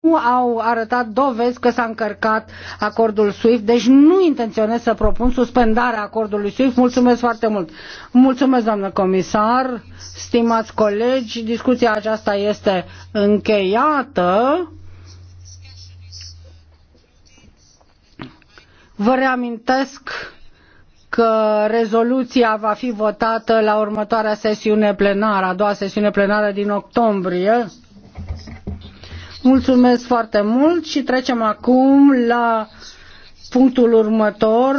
nu au arătat dovezi că s-a încărcat acordul SWIFT, deci nu intenționez să propun suspendarea acordului SWIFT. Mulțumesc foarte mult! Mulțumesc, doamnă comisar, stimați colegi, discuția aceasta este încheiată. Vă reamintesc că rezoluția va fi votată la următoarea sesiune plenară, a doua sesiune plenară din octombrie. Mulțumesc foarte mult și trecem acum la punctul următor,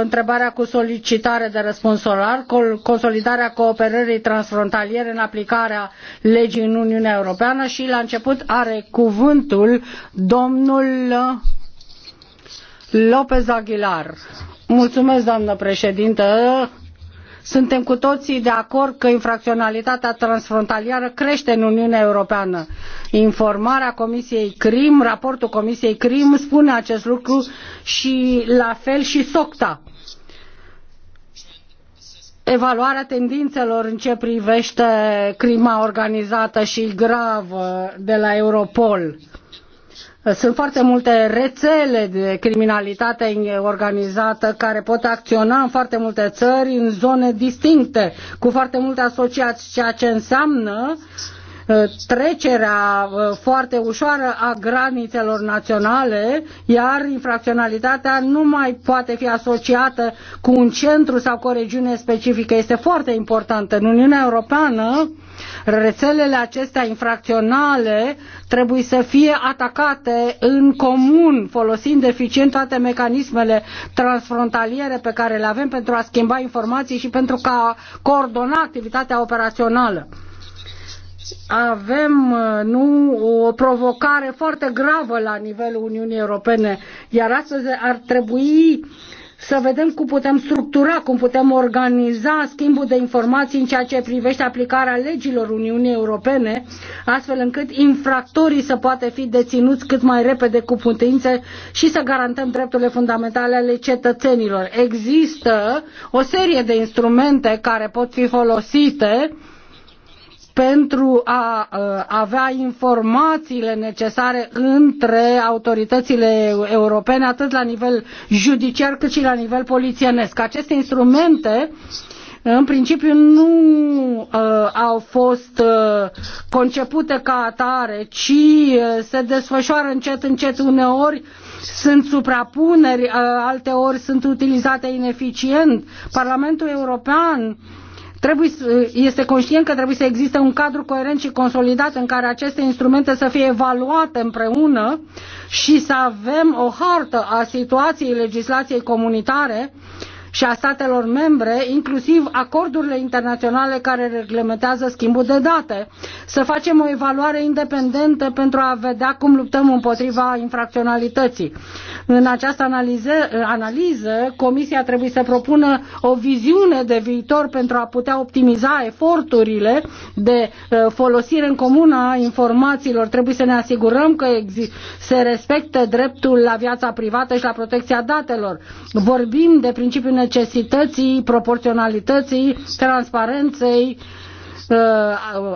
întrebarea cu solicitare de răspuns oral, consolidarea cooperării transfrontaliere în aplicarea legii în Uniunea Europeană și la început are cuvântul domnul López Aguilar. Mulțumesc, doamnă președintă. Suntem cu toții de acord că infracționalitatea transfrontalieră crește în Uniunea Europeană. Informarea Comisiei CRIM, raportul Comisiei CRIM spune acest lucru și la fel și SOCTA evaluarea tendințelor în ce privește crima organizată și gravă de la Europol. Sunt foarte multe rețele de criminalitate organizată care pot acționa în foarte multe țări, în zone distincte, cu foarte multe asociați, ceea ce înseamnă uh, trecerea uh, foarte ușoară a granițelor naționale, iar infracționalitatea nu mai poate fi asociată cu un centru sau cu o regiune specifică. Este foarte important, În Uniunea Europeană rețelele acestea infracționale trebuie să fie atacate în comun, folosind eficient toate mecanismele transfrontaliere pe care le avem pentru a schimba informații și pentru a coordona activitatea operațională avem uh, nu o provocare foarte gravă la nivelul Uniunii Europene, iar astăzi ar trebui să vedem cum putem structura, cum putem organiza schimbul de informații în ceea ce privește aplicarea legilor Uniunii Europene, astfel încât infractorii să poată fi deținuți cât mai repede cu putință și să garantăm drepturile fundamentale ale cetățenilor. Există o serie de instrumente care pot fi folosite uh, pentru a avea informațiile necesare între autoritățile europene, atât la nivel judiciar cât și la nivel polițienesc. Aceste instrumente în principiu nu uh, au fost uh, concepute ca atare, ci uh, se desfășoară încet, încet uneori sunt suprapuneri, alteori sunt utilizate ineficient. Parlamentul European trebuie, este conștient că trebuie să existe un cadru coerent și consolidat în care aceste instrumente să fie evaluate împreună și să avem o hartă a situației legislației comunitare uh, și a statelor membre, inclusiv acordurile internaționale care reglementează schimbul de date. Să facem o evaluare independentă pentru a vedea cum luptăm împotriva infracționalității. În această analiză, Comisia trebuie să propună o viziune de viitor pentru a putea optimiza eforturile de uh, folosire în comună a informațiilor. Trebuie să ne asigurăm că se respectă dreptul la viața privată și la protecția datelor. Vorbim de principiul necesității, proporționalității, transparenței, uh,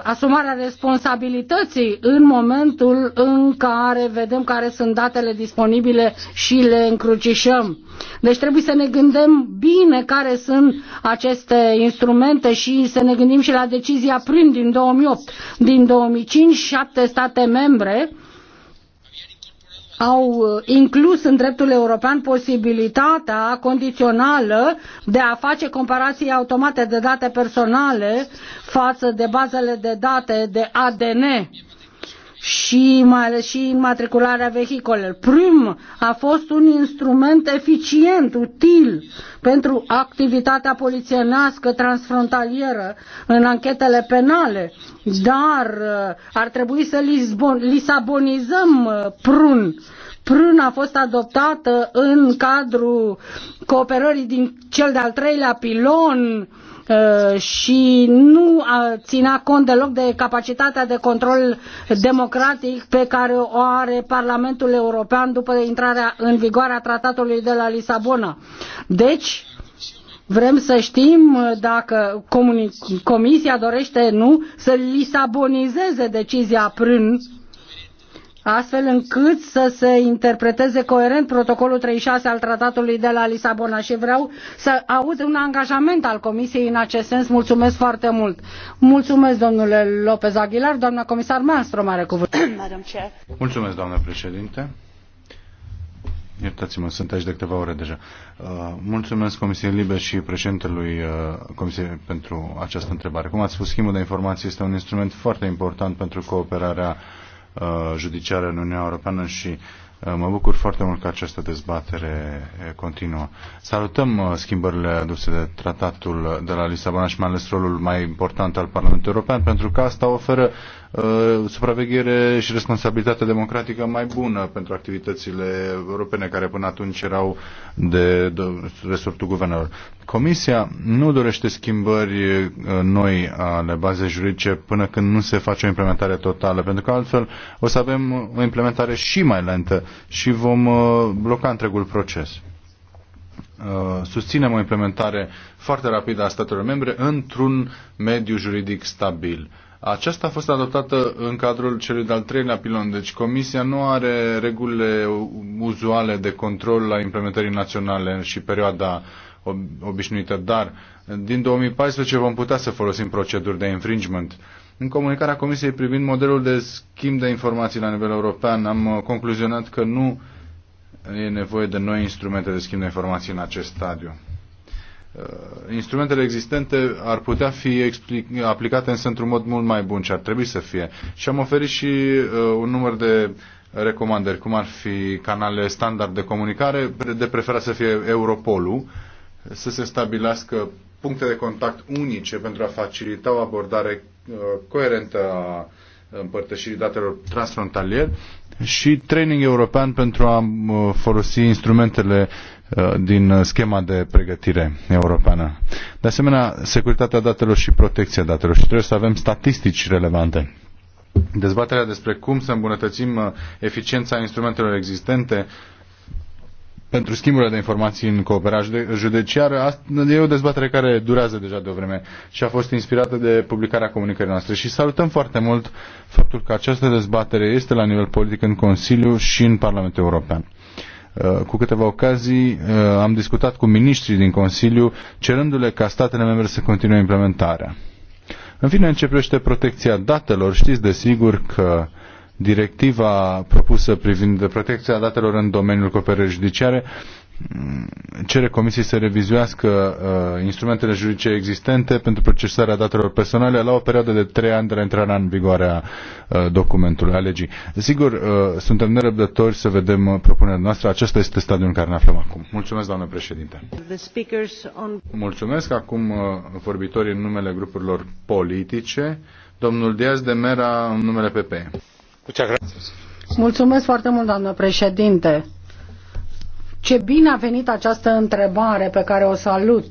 asumarea responsabilității în momentul în care vedem care sunt datele disponibile și le încrucișăm. Deci trebuie să ne gândim bine care sunt aceste instrumente și să ne gândim și la decizia prin din 2008. Din 2005, șapte state membre au uh, inclus în dreptul european posibilitatea condițională de a face comparații automate de date personale față de bazele de date de ADN și, și matricularea vehicolelor. Prim a fost un instrument eficient, util pentru activitatea polițienească transfrontalieră în anchetele penale, dar uh, ar trebui să lisabonizăm uh, prun. Prun a fost adoptată în cadrul cooperării din cel de-al treilea pilon Uh, și nu uh, ținea cont deloc de capacitatea de control democratic pe care o are Parlamentul European după intrarea în vigoare a tratatului de la Lisabona. Deci, Vrem să știm dacă Comisia dorește, nu, să lisabonizeze decizia prin astfel încât să se interpreteze coerent protocolul 36 al tratatului de la Lisabona și vreau să aud un angajament al Comisiei în acest sens. Mulțumesc foarte mult. Mulțumesc, domnule Lopez Aguilar. Doamna comisar Malmström are cuvânt. Mulțumesc, doamnă președinte. Iertați-mă, sunt aici de câteva ore deja. Uh, mulțumesc Comisiei Libe și președintelui uh, Comisiei pentru această întrebare. Cum ați spus, schimbul de informații este un instrument foarte important pentru cooperarea uh, Uh, judiciară în Uniunea Europeană și uh, mă bucur foarte mult că această dezbatere uh, continuă. Salutăm schimbările aduse de tratatul de la Lisabona și mai ales rolul mai important al Parlamentului European pentru că asta oferă Uh, supraveghere și responsabilitate democratică mai bună pentru activitățile europene care până atunci erau de, resortul guvernelor. Comisia nu dorește schimbări uh, noi ale bazei juridice până când nu se face o implementare totală, pentru că altfel o să avem o implementare și mai lentă și vom uh, bloca întregul proces susținem o implementare foarte rapidă a statelor membre într-un mediu juridic stabil. Aceasta a fost adoptată în cadrul celui de-al treilea pilon, deci Comisia nu are regulile uzuale de control la implementării naționale și perioada obișnuită, dar din 2014 vom putea să folosim proceduri de infringement. În comunicarea Comisiei privind modelul de schimb de informații la nivel european, am uh, concluzionat că nu e nevoie de noi instrumente de schimb de informații în acest stadiu. Uh, instrumentele existente ar putea fi aplicate însă într-un mod mult mai bun ce ar trebui să fie. Și am oferit și uh, un număr de recomandări, cum ar fi canale standard de comunicare, de preferat să fie Europolul, să se stabilească puncte de contact unice pentru a facilita o abordare uh, coerentă a împărtășirii datelor transfrontalier și training european pentru a uh, folosi instrumentele Uh, din uh, schema de pregătire europeană. De asemenea, securitatea datelor și protecția datelor și trebuie să avem statistici relevante. Dezbaterea despre cum să îmbunătățim uh, eficiența instrumentelor existente pentru schimburile de informații în cooperare judiciară e o dezbatere care durează deja de o vreme și a fost inspirată de publicarea comunicării noastre. Și salutăm foarte mult faptul că această dezbatere este la nivel politic în Consiliu și în Parlamentul European. Uh, cu câteva ocazii uh, am discutat cu miniștrii din Consiliu, cerându-le ca statele membre să continue implementarea. În fine, începește protecția datelor. Știți desigur că directiva propusă privind protecția datelor în domeniul cooperării judiciare Mm, cere Comisiei să revizuiască uh, instrumentele juridice existente pentru procesarea datelor personale la o perioadă de trei ani de la intrarea în vigoare a uh, documentului, a legii. Sigur, uh, suntem nerăbdători să vedem uh, propunerea noastră. Acesta este stadiul în care ne aflăm acum. Mulțumesc, doamnă președinte. On... Mulțumesc. Acum uh, vorbitorii în numele grupurilor politice. Domnul Diaz de Mera în numele PP. Mulțumesc foarte mult, doamnă președinte. Ce bine a venit această întrebare pe care o salut.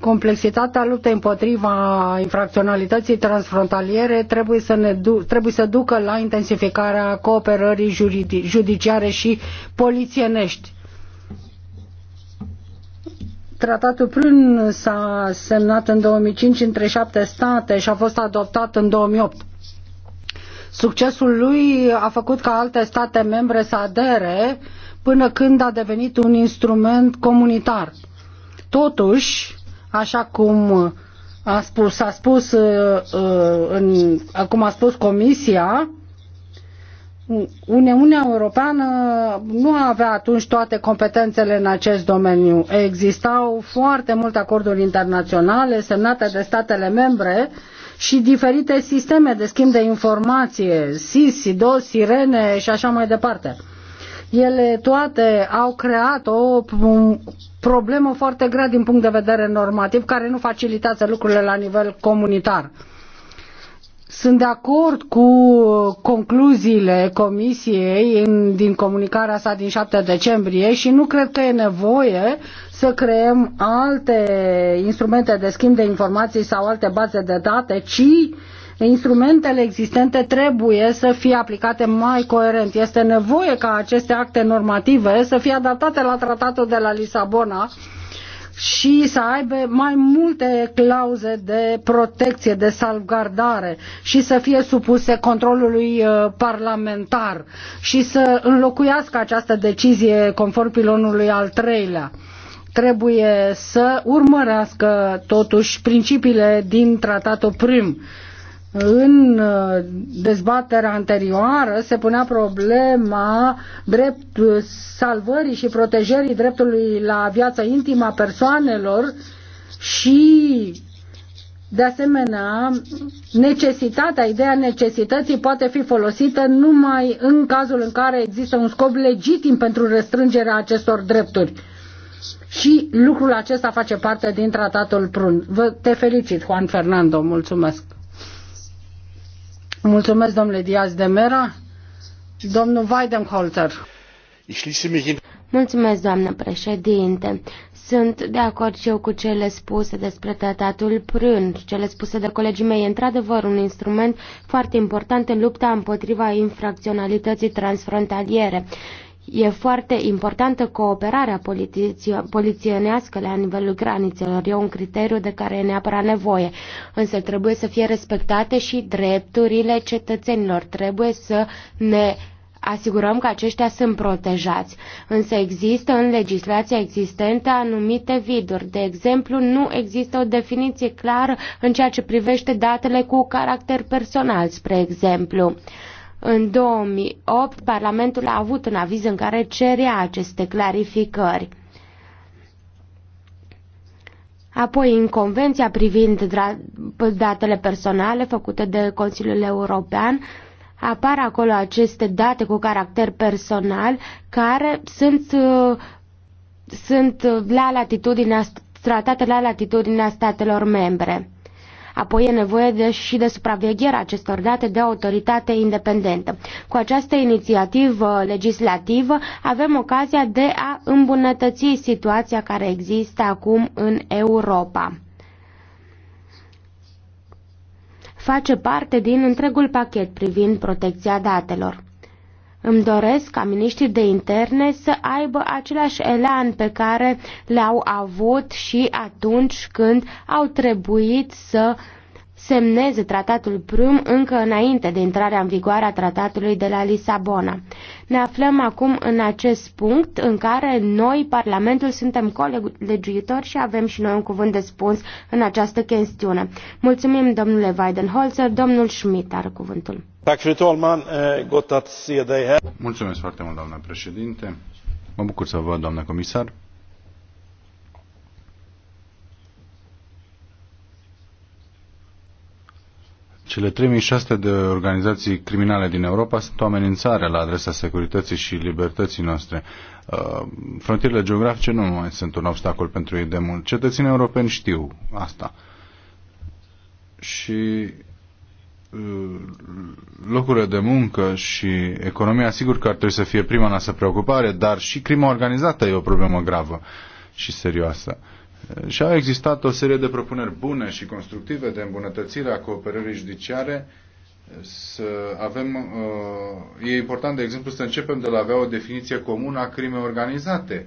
Complexitatea luptei împotriva infracționalității transfrontaliere trebuie să, ne du- trebuie să ducă la intensificarea cooperării judiciare și polițienești. Tratatul Prân s-a semnat în 2005 între șapte state și a fost adoptat în 2008. Succesul lui a făcut ca alte state membre să adere uh, până când a devenit un instrument comunitar. Totuși, așa cum a spus, a spus uh, uh, în, cum a spus Comisia, Uniunea Europeană nu avea atunci toate competențele în acest domeniu. Existau foarte multe acorduri internaționale semnate de statele membre și diferite sisteme de schimb de informație, SIS, SIDO, Sirene și așa mai departe. Ele toate au creat o problemă foarte grea din punct de vedere normativ, care nu facilitează lucrurile la nivel comunitar. Sunt de acord cu concluziile comisiei în, din comunicarea sa din 7 decembrie și nu cred că e nevoie să creăm alte instrumente de schimb de informații sau alte baze de date, ci instrumentele existente trebuie să fie aplicate mai coerent. Este nevoie ca aceste acte normative să fie adaptate la tratatul de la Lisabona și să aibă mai multe clauze de protecție, de salvgardare și să fie supuse controlului uh, parlamentar și să înlocuiască această decizie conform pilonului al treilea trebuie să urmărească totuși principiile din tratatul prim în uh, dezbaterea anterioară se punea problema drept uh, salvării și protejării dreptului la viața intimă a persoanelor și de asemenea, necesitatea, ideea necesității poate fi folosită numai în cazul în care există un scop legitim pentru restrângerea acestor drepturi. Și lucrul acesta face parte din tratatul Prun. Vă te felicit, Juan Fernando, mulțumesc. Mulțumesc, domnule Diaz de Mera. Domnul Weidenholzer. Mulțumesc, doamnă președinte. Sunt de acord și eu cu cele spuse despre tratatul prân, cele spuse de colegii mei. într-adevăr un instrument foarte important în lupta împotriva infracționalității transfrontaliere. E foarte importantă cooperarea polițienească la nivelul granițelor. E un criteriu de care e neapărat nevoie. Însă trebuie să fie respectate și drepturile cetățenilor. Trebuie să ne asigurăm că aceștia sunt protejați. Însă există în legislația existentă anumite viduri. De exemplu, nu există o definiție clară în ceea ce privește datele cu caracter personal, spre exemplu. În 2008, Parlamentul a avut un aviz în care cerea aceste clarificări. Apoi, în Convenția privind datele personale făcute de Consiliul European, apar acolo aceste date cu caracter personal care sunt, sunt la latitudinea, tratate la latitudinea statelor membre. Apoi e nevoie de, și de supravegherea acestor date de autoritate independentă. Cu această inițiativă legislativă avem ocazia de a îmbunătăți situația care există acum în Europa. Face parte din întregul pachet privind protecția datelor. Îmi doresc ca miniștrii de interne să aibă același elan pe care l-au avut și atunci când au trebuit să semneze tratatul Prüm încă înainte de intrarea în vigoare a tratatului de la Lisabona. Ne aflăm acum în acest punct în care noi, Parlamentul, suntem colegiuitori și avem și noi un cuvânt de spus în această chestiune. Mulțumim, domnule Weidenholzer, domnul Schmidt are cuvântul. Eh, Mulțumesc foarte mult, doamna președinte. Mă bucur să vă văd, doamna comisar. Cele 3600 de organizații criminale din Europa sunt o amenințare la adresa securității și libertății noastre. Uh, frontierele geografice nu mai sunt un obstacol pentru ei de mult. Cetățenii europeni știu asta. Și uh, locurile de muncă și economia, sigur că ar trebui să fie prima noastră preocupare, dar și crima organizată e o problemă gravă și serioasă. Și au existat o serie de propuneri bune și constructive de îmbunătățire a cooperării judiciare. Să avem, uh, e important, de exemplu, să începem de la avea o definiție comună a crimei organizate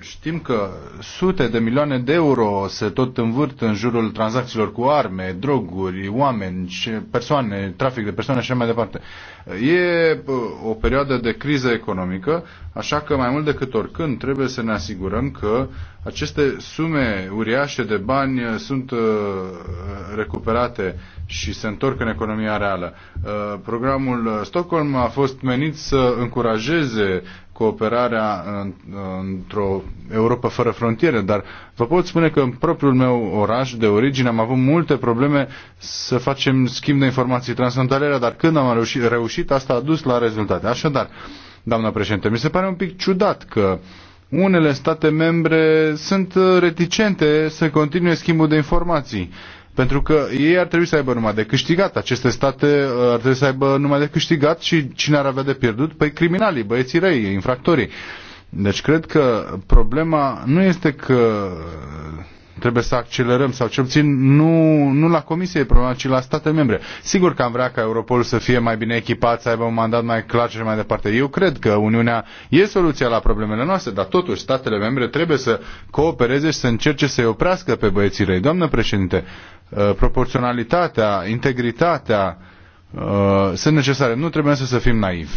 Știm că sute de milioane de euro se tot învârt în jurul tranzacțiilor cu arme, droguri, oameni, persoane, trafic de persoane și așa mai departe. E o perioadă de criză economică, așa că mai mult decât oricând trebuie să ne asigurăm că aceste sume uriașe de bani sunt uh, recuperate și se întorc în economia reală. Uh, programul Stockholm a fost menit să încurajeze cooperarea într-o Europa fără frontiere, dar vă pot spune că în propriul meu oraș de origine am avut multe probleme să facem schimb de informații transfrontaliere, dar când am reușit, reușit asta a dus la rezultate. Așadar, doamna președinte, mi se pare un pic ciudat că unele state membre sunt reticente să continue schimbul de informații pentru că ei ar trebui să aibă numai de câștigat, aceste state uh, ar trebui să aibă numai de câștigat și cine ar avea de pierdut? Păi criminalii, băieții răi, infractorii. Deci cred că problema nu este că trebuie să accelerăm sau cel puțin nu, nu la Comisie e problema, ci la state membre. Sigur că am vrea ca Europol să fie mai bine echipat, să aibă un mandat mai clar și mai departe. Eu cred că Uniunea e soluția la problemele noastre, dar totuși statele membre trebuie să coopereze și să încerce să-i oprească pe băieții răi. Doamnă președinte, Uh, proporționalitatea, integritatea uh, sunt necesare. Nu trebuie să, fim naivi.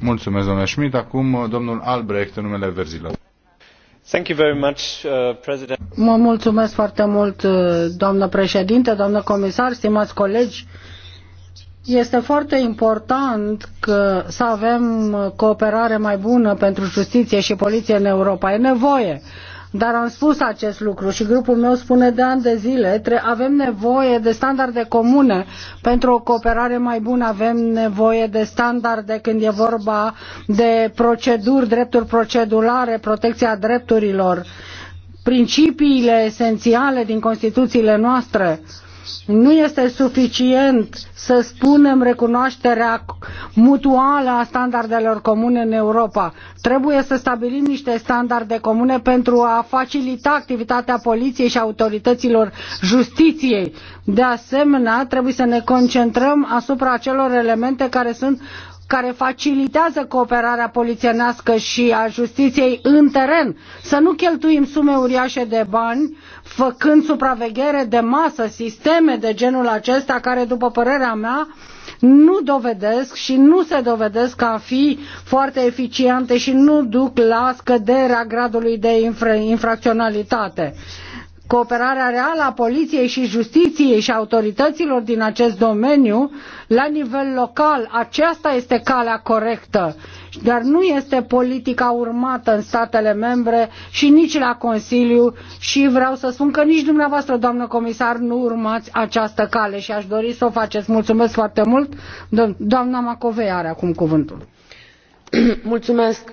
Mulțumesc, domnule Schmidt. Acum, uh, domnul Albrecht, în numele verzilor. Thank you very much, uh, President. Mă mulțumesc foarte mult, doamnă președinte, doamnă comisar, stimați colegi. Este foarte important că să avem cooperare mai bună pentru justiție și poliție în Europa. E nevoie. Uh, dar am spus acest lucru și grupul meu spune de ani de zile, avem nevoie de standarde comune pentru o cooperare mai bună, avem nevoie de standarde când e vorba de proceduri, drepturi procedurale, protecția drepturilor, principiile esențiale din Constituțiile noastre. Nu este suficient să spunem recunoașterea mutuală a standardelor comune în Europa. Trebuie să stabilim niște standarde comune pentru a facilita activitatea poliției și autorităților justiției. De asemenea, trebuie să ne concentrăm asupra acelor elemente care sunt care facilitează cooperarea polițienească și a justiției în teren. Să nu cheltuim sume uriașe de bani făcând supraveghere de masă, sisteme de genul acesta care, după părerea mea, nu dovedesc și nu se dovedesc a fi foarte eficiente și nu duc la scăderea gradului de infra- infracționalitate cooperarea reală a poliției și justiției și autorităților din acest domeniu la nivel local. Aceasta este calea corectă, dar nu este politica urmată în statele membre și nici la Consiliu și vreau să spun că nici dumneavoastră, doamnă comisar, nu urmați această cale și aș dori să o faceți. Mulțumesc foarte mult. Doamna Macovei are acum cuvântul. Mulțumesc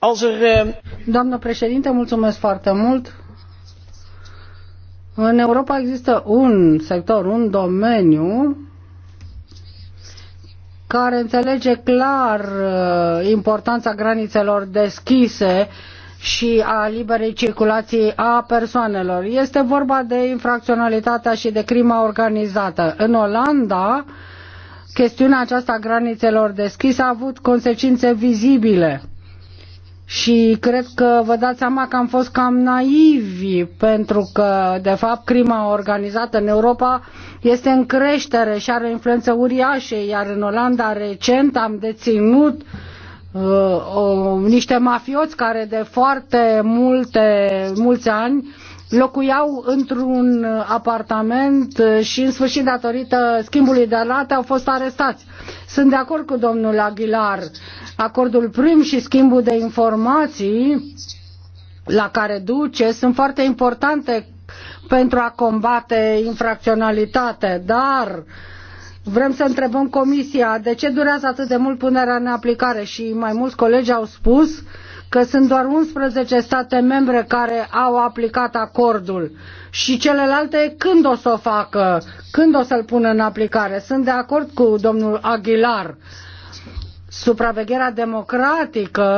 Er, eh, Doamnă președinte, mulțumesc foarte mult. În Europa există un sector, un domeniu care înțelege clar eh, importanța granițelor deschise și a liberei circulații a persoanelor. Este vorba de infracționalitatea și de crima organizată. În Olanda, chestiunea aceasta a granițelor deschise a avut consecințe vizibile și cred că vă dați seama că am fost cam naivi pentru că, de fapt, crima organizată în Europa este în creștere și are influență uriașă, iar în Olanda recent am deținut uh, o, niște mafioți care de foarte multe, mulți ani locuiau într-un uh, apartament uh, și în sfârșit datorită schimbului de rate au fost arestați. Sunt de acord cu domnul Aguilar. Acordul prim și schimbul de informații la care duce sunt foarte importante pentru a combate infracționalitate, dar vrem să întrebăm Comisia de ce durează atât de mult punerea în aplicare și mai mulți colegi au spus uh, că sunt doar 11 state membre care au aplicat acordul și celelalte când o să o facă, când o să-l pună în aplicare. Sunt de acord cu domnul Aguilar. Supravegherea democratică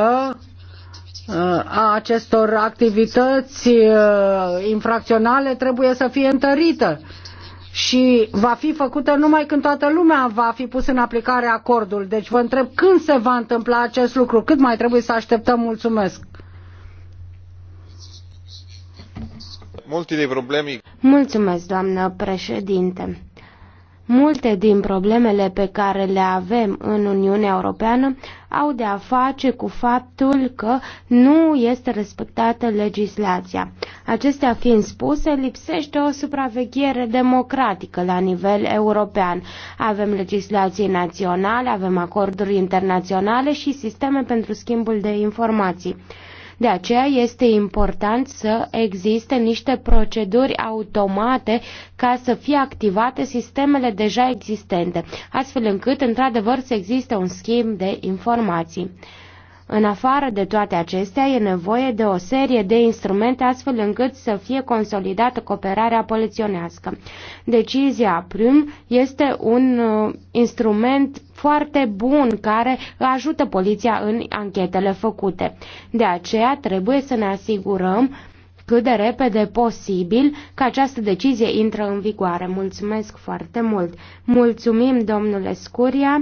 uh, a acestor activități uh, infracționale trebuie să fie întărită și va fi făcută numai când toată lumea va fi pus în aplicare acordul. Deci vă întreb când se va întâmpla acest lucru, cât mai trebuie să așteptăm. Mulțumesc! Mulțumesc, doamnă președinte. Multe din problemele pe care le avem în Uniunea Europeană au de a face cu faptul că nu este respectată legislația. Acestea fiind spuse, lipsește o supraveghere democratică la nivel european. Avem legislații naționale, avem acorduri internaționale și sisteme pentru schimbul de informații. De aceea este important să existe niște proceduri automate ca să fie activate sistemele deja existente, astfel încât, într-adevăr, să existe un schimb de informații. În afară de toate acestea, e nevoie de o serie de instrumente astfel încât să fie consolidată cooperarea poliționească. Decizia prim este un uh, instrument foarte bun care ajută poliția în anchetele făcute. De aceea trebuie să ne asigurăm cât de repede posibil că această decizie intră în vigoare. Mulțumesc foarte mult! Mulțumim, domnule Scuria!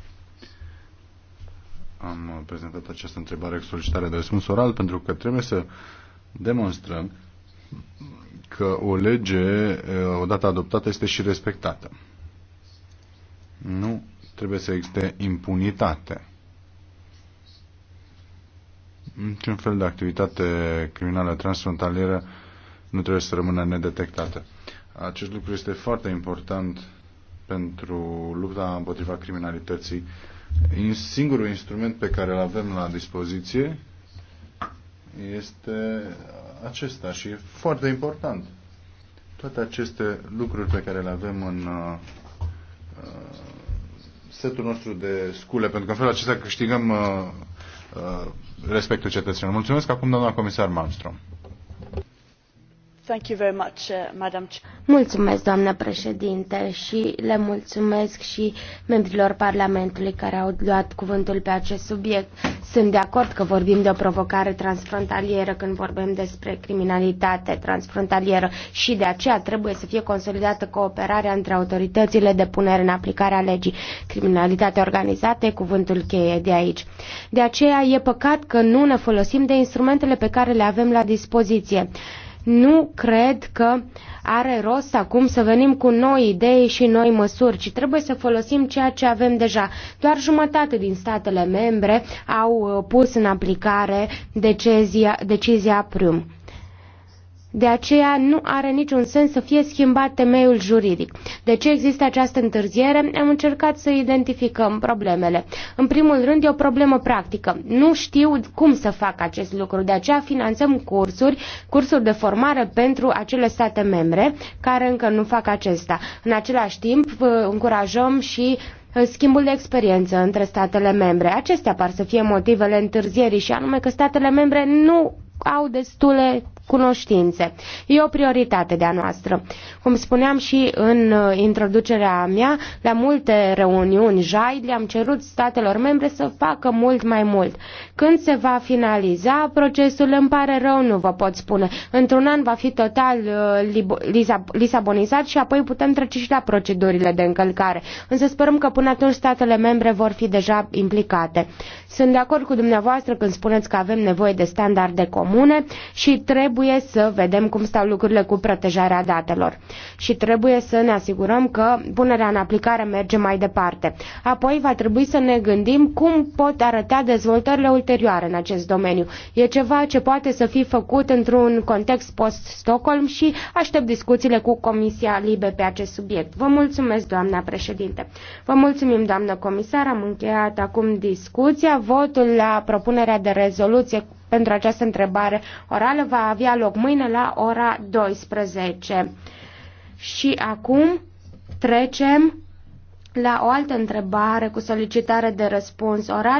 am prezentat această întrebare cu solicitare de răspuns oral, pentru că trebuie să demonstrăm că o lege, odată adoptată, este și respectată. Nu trebuie să existe impunitate. Niciun fel de activitate criminală transfrontalieră nu trebuie să rămână nedetectată. Acest lucru este foarte important pentru lupta împotriva criminalității Singurul instrument pe care îl avem la dispoziție este acesta și e foarte important. Toate aceste lucruri pe care le avem în uh, uh setul nostru de scule, pentru că în felul acesta câștigăm uh, uh, respectul cetățenilor. Mulțumesc acum, doamna comisar Malmström. Uh, mulțumesc, doamnă președinte, și le mulțumesc și membrilor Parlamentului care au luat cuvântul pe acest subiect. Sunt de acord că vorbim de o provocare transfrontalieră când vorbim despre criminalitate transfrontalieră și de aceea trebuie să fie consolidată cooperarea între autoritățile de punere în aplicare a legii. Criminalitate organizată e cuvântul cheie de aici. De aceea e păcat că nu ne folosim de instrumentele pe care le avem la dispoziție. Nu cred că are rost acum să venim cu noi idei și noi măsuri, ci trebuie să folosim ceea ce avem deja. Doar jumătate din statele membre au uh, pus în aplicare decizia, decizia prim. De aceea nu are niciun sens să fie schimbat temeiul juridic. De ce există această întârziere? Am încercat să identificăm problemele. În primul rând e o problemă practică. Nu știu cum să fac acest lucru. De aceea finanțăm cursuri, cursuri de formare pentru acele state membre care încă nu fac acesta. În același timp încurajăm și uh, schimbul de experiență între statele membre. Acestea par să fie motivele întârzierii și anume că statele membre nu au destule cunoștințe. E o prioritate de-a noastră. Cum spuneam și în uh, introducerea mea, la multe reuniuni JAI le-am cerut statelor membre să facă mult mai mult. Când se va finaliza procesul, îmi pare rău, nu vă pot spune. Într-un an va fi total uh, lisabonizat și apoi putem trece și la procedurile de încălcare. Însă sperăm că până atunci statele membre vor fi deja implicate. Sunt de acord cu dumneavoastră când spuneți că avem nevoie de standarde comune și trebuie trebuie să vedem cum stau lucrurile cu protejarea datelor și trebuie să ne asigurăm că punerea în aplicare merge mai departe. Apoi va trebui să ne gândim cum pot arăta dezvoltările ulterioare în acest domeniu. E ceva ce poate să fie făcut într-un context post-Stockholm și aștept discuțiile cu Comisia Libe pe acest subiect. Vă mulțumesc, doamna președinte. Vă mulțumim, doamnă comisar. Am încheiat acum discuția. Votul la propunerea de rezoluție pentru această întrebare orală va avea loc mâine la ora 12. Și acum trecem la o altă întrebare cu solicitare de răspuns oral